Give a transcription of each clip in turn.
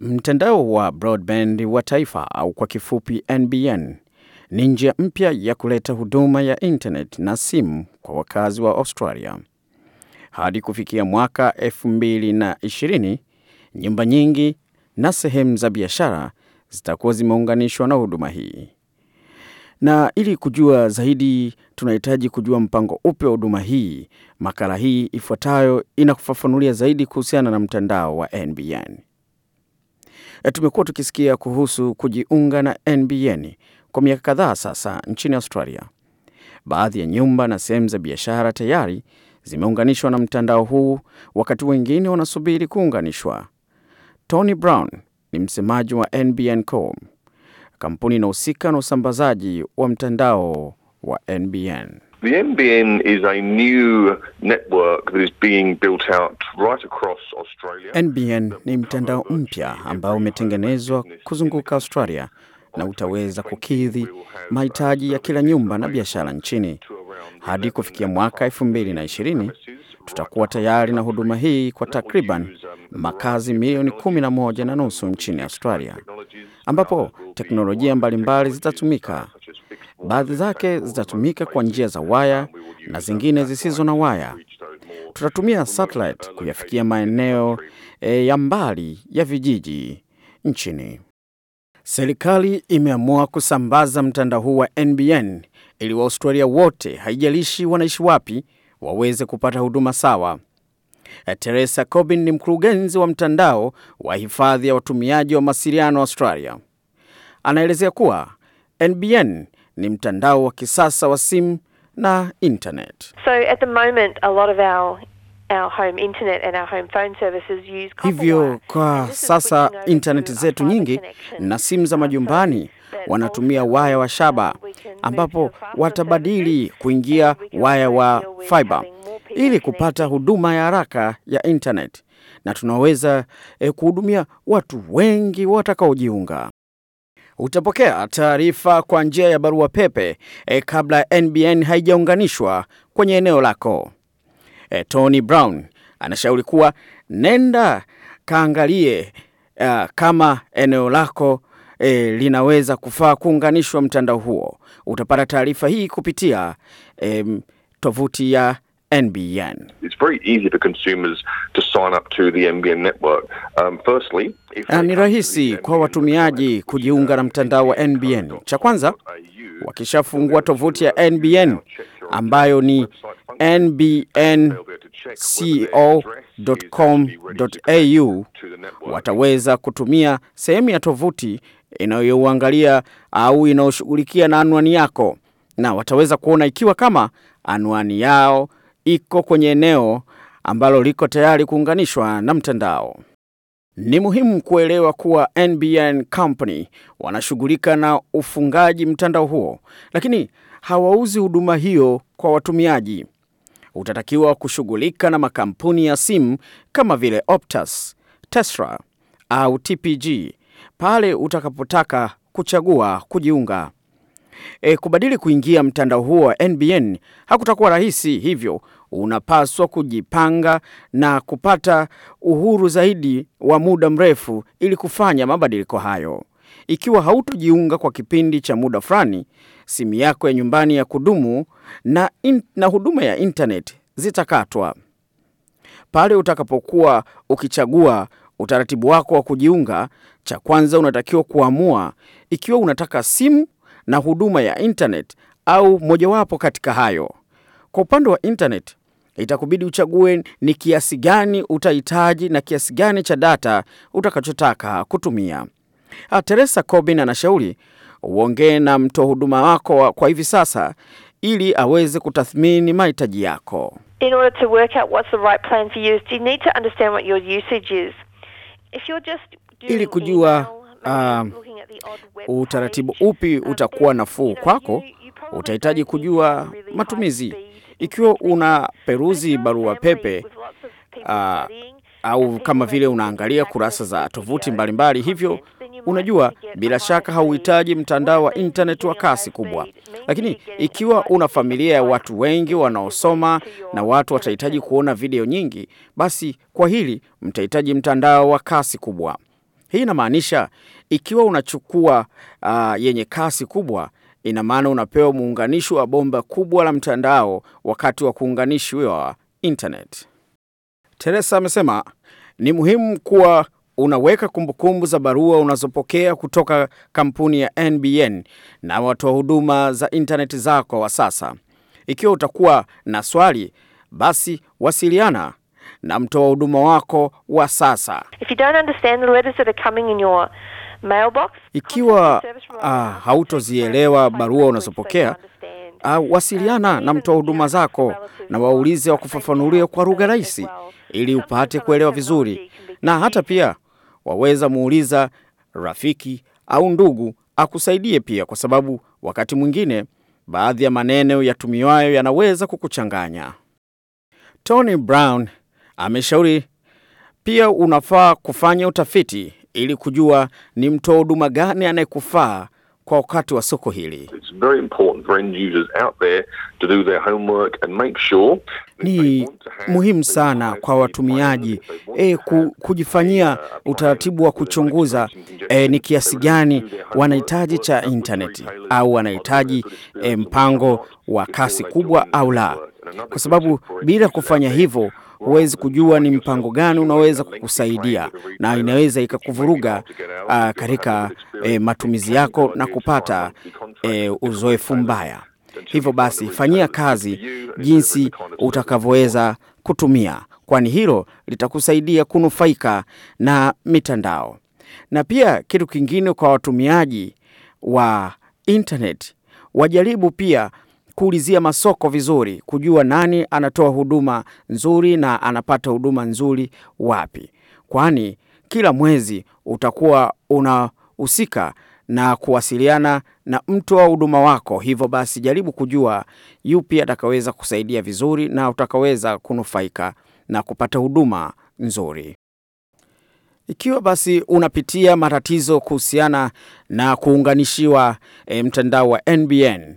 Mtandao wa broadband wa taifa au kwa kifupi NBN ni njia mpya ya kuleta huduma ya internet na simu kwa wakazi wa Australia. Hadi kufikia mwaka 2020, nyumba nyingi na sehemu za biashara zitakuwa zimeunganishwa na huduma hii. Na ili kujua zaidi, tunahitaji kujua mpango upi wa huduma hii. Makala hii ifuatayo inakufafanulia zaidi kuhusiana na mtandao wa NBN. E, tumekuwa tukisikia kuhusu kujiunga na NBN kwa miaka kadhaa sasa nchini Australia. Baadhi ya nyumba na sehemu za biashara tayari zimeunganishwa na mtandao huu, wakati wengine wanasubiri kuunganishwa. Tony Brown ni msemaji wa NBN Com, kampuni inahusika na usambazaji wa mtandao wa NBN. The NBN is a new network that is being built out right across Australia. NBN ni mtandao mpya ambao umetengenezwa kuzunguka Australia na utaweza kukidhi mahitaji ya kila nyumba na biashara nchini. Hadi kufikia mwaka 2020 tutakuwa tayari na huduma hii kwa takriban makazi milioni 11 na nusu nchini Australia, ambapo teknolojia mbalimbali zitatumika Baadhi zake zitatumika kwa njia za waya na zingine zisizo na waya. Tutatumia satellite kuyafikia maeneo e, ya mbali ya vijiji nchini. Serikali imeamua kusambaza mtandao huu wa NBN ili Waaustralia wote, haijalishi wanaishi wapi, waweze kupata huduma sawa. Eh, Teresa cobin ni mkurugenzi wa mtandao wa hifadhi ya watumiaji wa mawasiliano Australia. Anaelezea kuwa NBN ni mtandao wa kisasa wa simu na internet. So at the moment a lot of our Hivyo kwa sasa intaneti zetu nyingi na simu za majumbani wanatumia waya wa shaba, ambapo watabadili kuingia waya wa fiber ili kupata huduma ya haraka ya intaneti, na tunaweza eh, kuhudumia watu wengi watakaojiunga utapokea taarifa kwa njia ya barua pepe e, kabla NBN haijaunganishwa kwenye eneo lako. E, Tony Brown anashauri kuwa nenda kaangalie uh, kama eneo lako e, linaweza kufaa kuunganishwa mtandao huo. Utapata taarifa hii kupitia e, tovuti ya NBN. It's very easy for consumers to sign up to the NBN network. Um, firstly, ah, ni rahisi kwa watumiaji kujiunga na mtandao wa NBN. Cha kwanza, wakishafungua tovuti ya NBN ambayo ni nbnco.com.au wataweza kutumia sehemu ya tovuti inayouangalia au inayoshughulikia na anwani yako, na wataweza kuona ikiwa kama anwani yao iko kwenye eneo ambalo liko tayari kuunganishwa na mtandao. Ni muhimu kuelewa kuwa NBN Company wanashughulika na ufungaji mtandao huo, lakini hawauzi huduma hiyo kwa watumiaji. Utatakiwa kushughulika na makampuni ya simu kama vile Optus, tesra au TPG pale utakapotaka kuchagua kujiunga. E, kubadili kuingia mtandao huo wa NBN hakutakuwa rahisi, hivyo unapaswa kujipanga na kupata uhuru zaidi wa muda mrefu ili kufanya mabadiliko hayo. Ikiwa hautojiunga kwa kipindi cha muda fulani, simu yako ya nyumbani ya kudumu na, in, na huduma ya internet zitakatwa. Pale utakapokuwa ukichagua utaratibu wako wa kujiunga, cha kwanza unatakiwa kuamua ikiwa unataka simu na huduma ya internet au mojawapo katika hayo. Kwa upande wa internet, itakubidi uchague ni kiasi gani utahitaji na kiasi gani cha data utakachotaka kutumia. Ah, Teresa Cobin anashauri uongee na mtoa huduma wako kwa hivi sasa ili aweze kutathmini mahitaji yako. ili kujua uh, utaratibu upi utakuwa nafuu kwako, utahitaji kujua matumizi. Ikiwa una peruzi barua pepe uh, au kama vile unaangalia kurasa za tovuti mbalimbali hivyo unajua bila shaka hauhitaji mtandao wa intaneti wa kasi kubwa. Lakini ikiwa una familia ya watu wengi wanaosoma na watu watahitaji kuona video nyingi, basi kwa hili mtahitaji mtandao wa kasi kubwa. Hii inamaanisha ikiwa unachukua uh, yenye kasi kubwa, ina maana unapewa muunganisho wa bomba kubwa la mtandao wakati wa wa internet. Teresa amesema ni muhimu kuwa unaweka kumbukumbu za barua unazopokea kutoka kampuni ya NBN na watoa huduma za intaneti zako wa sasa. Ikiwa utakuwa na swali, basi wasiliana na mtoa huduma wako wa sasa. Ikiwa uh, ah, hautozielewa barua unazopokea uh, wasiliana na mtoa huduma zako na waulize wakufafanulie kwa lugha rahisi, ili upate kuelewa vizuri, na hata pia waweza muuliza rafiki au ndugu akusaidie pia, kwa sababu wakati mwingine baadhi ya maneno yatumiwayo yanaweza kukuchanganya. Tony Brown Ameshauri pia unafaa kufanya utafiti ili kujua ni mtoa huduma gani anayekufaa kwa wakati wa soko hili. ni muhimu sana kwa watumiaji e, kujifanyia utaratibu wa kuchunguza e, ni kiasi gani wanahitaji cha intaneti au wanahitaji e, mpango wa kasi kubwa au la, kwa sababu bila kufanya hivyo huwezi kujua ni mpango gani unaweza kukusaidia na inaweza ikakuvuruga uh, katika eh, matumizi yako na kupata eh, uzoefu mbaya. Hivyo basi fanyia kazi jinsi utakavyoweza kutumia, kwani hilo litakusaidia kunufaika na mitandao. Na pia kitu kingine, kwa watumiaji wa internet wajaribu pia kuulizia masoko vizuri, kujua nani anatoa huduma nzuri na anapata huduma nzuri wapi, kwani kila mwezi utakuwa unahusika na kuwasiliana na mtu wa huduma wako. Hivyo basi, jaribu kujua yupi atakaweza kusaidia vizuri na utakaweza kunufaika na kupata huduma nzuri. Ikiwa basi unapitia matatizo kuhusiana na kuunganishiwa e, mtandao wa NBN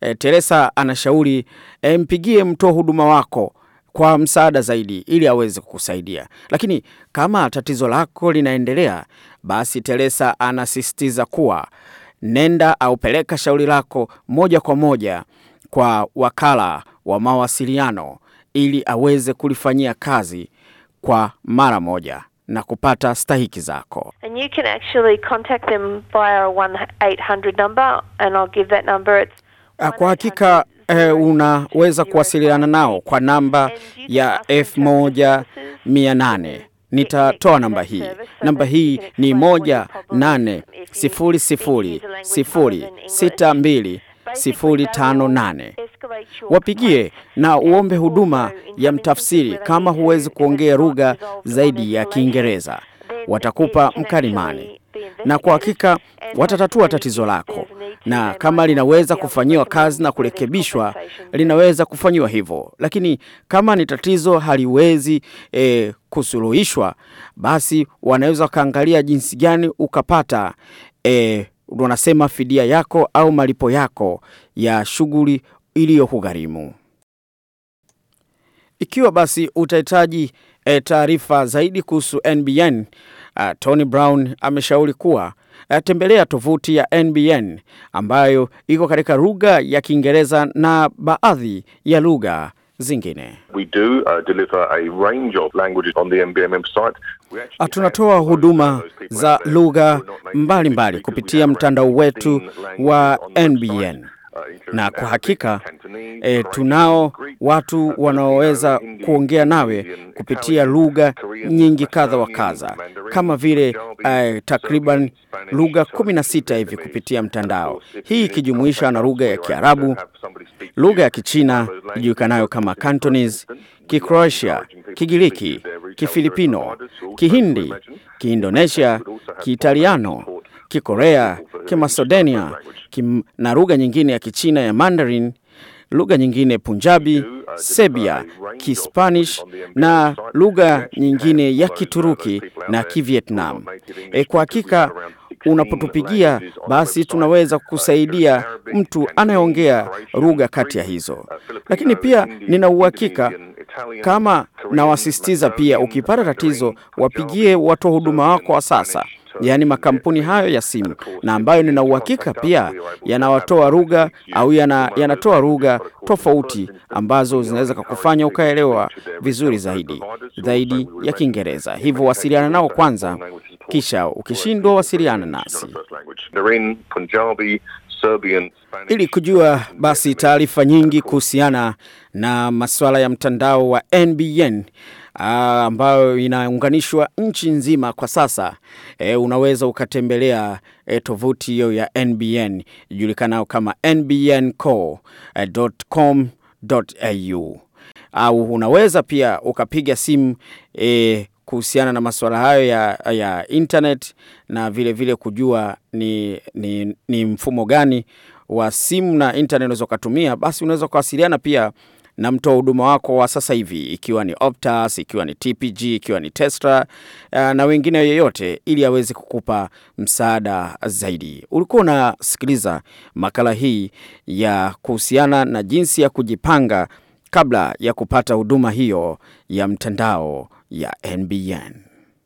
e, Teresa anashauri e, mpigie mtoa huduma wako kwa msaada zaidi ili aweze kukusaidia. Lakini kama tatizo lako linaendelea, basi Teresa anasisitiza kuwa nenda au peleka shauri lako moja kwa moja kwa wakala wa mawasiliano ili aweze kulifanyia kazi kwa mara moja na kupata stahiki zako. And you can actually contact them via 1800 number and I'll give that number. It's Ah, kwa hakika eh, unaweza kuwasiliana nao kwa namba ya f moja Nitatoa namba hii. Namba hii ni moja nane sifuri sifuri sifuri sita mbili sifuri tano nane. Wapigie na uombe huduma ya mtafsiri kama huwezi kuongea lugha zaidi ya Kiingereza, watakupa mkalimani na kwa hakika watatatua tatizo lako, na kama linaweza kufanyiwa kazi na kurekebishwa, linaweza kufanyiwa hivyo, lakini kama ni tatizo haliwezi e, kusuluhishwa, basi wanaweza wakaangalia jinsi gani ukapata e, wanasema fidia yako au malipo yako ya shughuli iliyokugharimu. Ikiwa basi utahitaji e, taarifa zaidi kuhusu NBN uh, Tony Brown ameshauri kuwa uh, tembelea tovuti ya NBN ambayo iko katika lugha ya Kiingereza na baadhi ya lugha zingine. We do, uh, deliver a range of languages on the NBN website. Ah, tunatoa huduma za lugha mbalimbali kupitia mtandao wetu wa NBN na kwa hakika e, tunao watu wanaoweza kuongea nawe kupitia lugha nyingi kadha wa kadha kama vile uh, takriban lugha kumi na sita hivi kupitia mtandao, hii ikijumuisha na lugha ya Kiarabu, lugha ya Kichina ijulikanayo kama cantonis kicroatia Kigiriki, Kifilipino, Kihindi, Kiindonesia, Kiitaliano Kikorea, Kimasodenia, kim na lugha nyingine ya Kichina ya Mandarin, lugha nyingine Punjabi, Serbia, Kispanish na lugha nyingine ya Kituruki na Kivietnam. E, kwa hakika unapotupigia basi tunaweza kusaidia mtu anayeongea lugha kati ya hizo, lakini pia nina uhakika kama nawasisitiza pia, ukipata tatizo wapigie watoa huduma wako wa sasa yaani makampuni hayo ya simu, na ambayo nina uhakika pia yanawatoa rugha au yanatoa yana tofauti ambazo zinaweza kukufanya ukaelewa vizuri zaidi zaidi ya Kiingereza. Hivyo wasiliana nao kwanza, kisha ukishindwa wasiliana nasi ili kujua basi taarifa nyingi kuhusiana na masuala ya mtandao wa NBN. Ah, ambayo inaunganishwa nchi nzima kwa sasa e, unaweza ukatembelea e, tovuti hiyo ya NBN ijulikanao kama nbnco.com.au au unaweza pia ukapiga simu e, kuhusiana na masuala hayo ya, ya internet na vilevile vile kujua ni, ni, ni mfumo gani wa simu na internet unaweza ukatumia, basi unaweza ukawasiliana pia na mtoa huduma wako wa sasa hivi, ikiwa ni Optus, ikiwa ni TPG, ikiwa ni tesla eh, na wengine yeyote, ili aweze kukupa msaada zaidi. Ulikuwa unasikiliza makala hii ya kuhusiana na jinsi ya kujipanga kabla ya kupata huduma hiyo ya mtandao ya NBN.